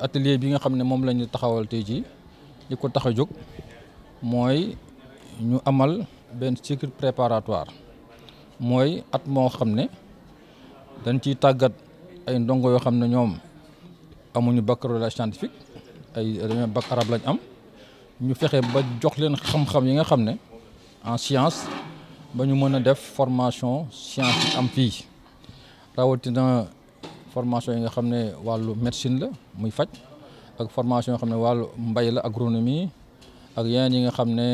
atelier bi nga xam ne moom la ñu taxawal tey jii li ko taxa jóg mooy ñu amal benn cycle préparatoire mooy at moo xam ne dañ ciy tàggat ay ndongo yoo xam ne ñoom amuñu baccalauréat scientifique ay dañoo bac lañ am ñu fexe ba jox leen xam-xam yi nga xam ne en science ba ñu mën a def formation scientifique am fii formation yi nga xam ne wàllu médecine la muy faj ak formation yoo xam ne wàllu mbay la agronomie ak yeneen yi nga xam ne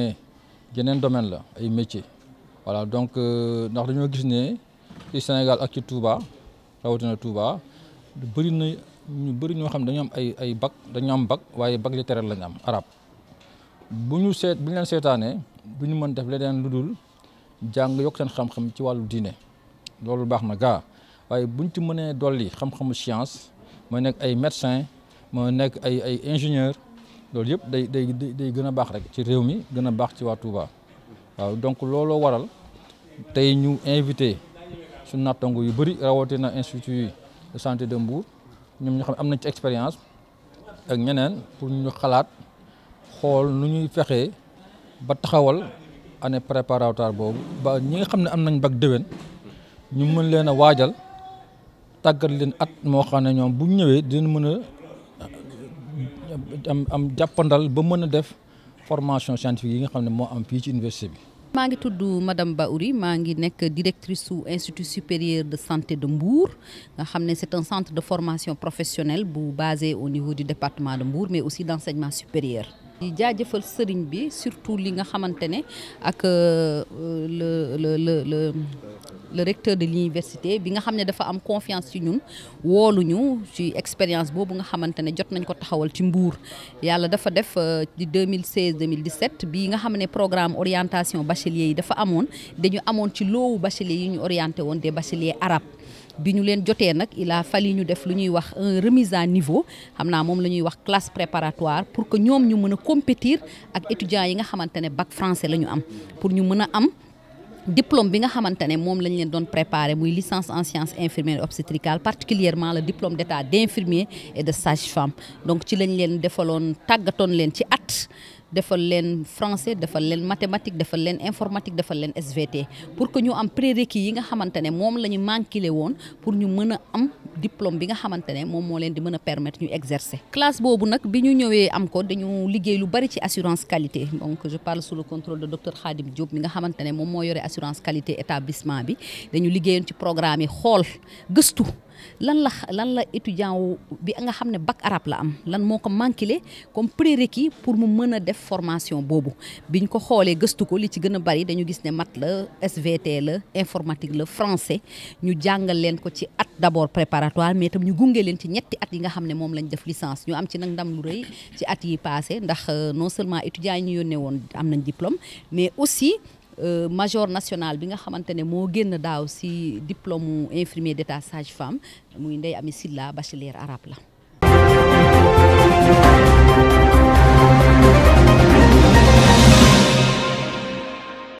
yeneen domaine la ay métiers voilà donc euh, ndax dañoo gis ne ci Sénégal ak ci Touba rawatina Touba bëri na ñu bëri ñoo xam ne dañu am ay ay bac dañu am bac waaye bac littéraire lañu am arab bu ñu seet bu ñu leen seetaanee du ñu mën def leneen lu dul jàng yokk seen xam-xam ci wàllu diine loolu baax na gaa. waaye buñ ci mënee dolli xam-xamu science mooy nekk ay médecin mooy nekk ay ay ingénieur loolu yëpp day day day gën a baax rek ci réew mi gën a baax ci waa waaw donc looloo waral tey ñu invité su nattango yu bëri rawatina institut de santé de Mbour ñoom ñu xam am nañ ci expérience ak ñeneen pour ñu xalaat xool nu ñuy fexee ba taxawal année préparatoire boobu ba ñi nga xam ne am nañ bag déwén ñu mën leen a waajal. tàggat leen at moo xam ne ñoom bu ñëwee dina mën a am am jàppandal ba mën a def formation scientifique yi nga xam ne moo am fii ci université bi. maa ngi tudd ba Baouri maa ngi nekk directrice su institut supérieur de santé de mbuur nga xam ne c'est un centre de formation professionnelle bu basé au niveau du département de Mbour mais aussi d'enseignement supérieur. di jaajëfal sëriñ bi surtout li nga xamante ne ak euh, le le le le le recteur de l'université bi nga xam ne dafa am confiance ci ñun wooluñu ci expérience boobu nga xamante ne jot nañ ko taxawal ci Mbour yàlla dafa def euh, di 2016 2017 bi nga xam ne programme orientation bachelier yi dafa amoon dañu amoon ci loowu bachelier yi ñu orienté woon de bacheliers arab bi ñu leen jotee nag il a fallu ñu def lu ñuy wax un remise à niveau xam naa moom la ñuy wax classe préparatoire pour que ñoom ñu mën a compétir ak étudiants yi nga xamante ne bac français la ñu am pour ñu mën a am diplôme bi nga xamante ne moom lañ leen doon préparé muy licence en sciences infirmières et obstétricales particulièrement la diplôme d'état d'infirmier et de sage-femme donc ci lañ leen defaloon tàggatoon leen ci at defal leen français defal leen mathématique defal leen informatique defal leen SVT pour que ñu am prérequis yi nga xamante ne moom la ñu manqué woon pour ñu mën a am diplôme bi nga xamante ne moom moo leen di mën a permettre ñu exercer. classe boobu nag bi ñu ñëwee am ko dañu liggéey lu bari ci assurance qualité donc je parle sous le contrôle de docteur Khadim Diop mi nga xamante ne moom moo yore assurance qualité établissement bi dañu liggéeyoon ci programme yi xool gëstu. lan la lan la étudiant wu bi nga xam ne bac arab la am lan moo ko manqué comme prérequis pour mu mën a def formation boobu biñ ko xoolee gëstu ko li ci gën a bari dañu gis ne mat la SVT la informatique la français ñu jàngal leen ko ci at d'abord préparatoire mais tam ñu gunge leen ci ñetti at yi nga xam ne moom lañ def licence ñu am ci nag ndam lu rëy ci at yi passé ndax euh, non seulement étudiants yi ñu yónnee woon am nañ diplôme mais aussi Euh, major national bi nga xamante ne moo génn daaw si diplôme infirmier d'état sage-femme muy Ndeye Amy Sylla bachelier arabe la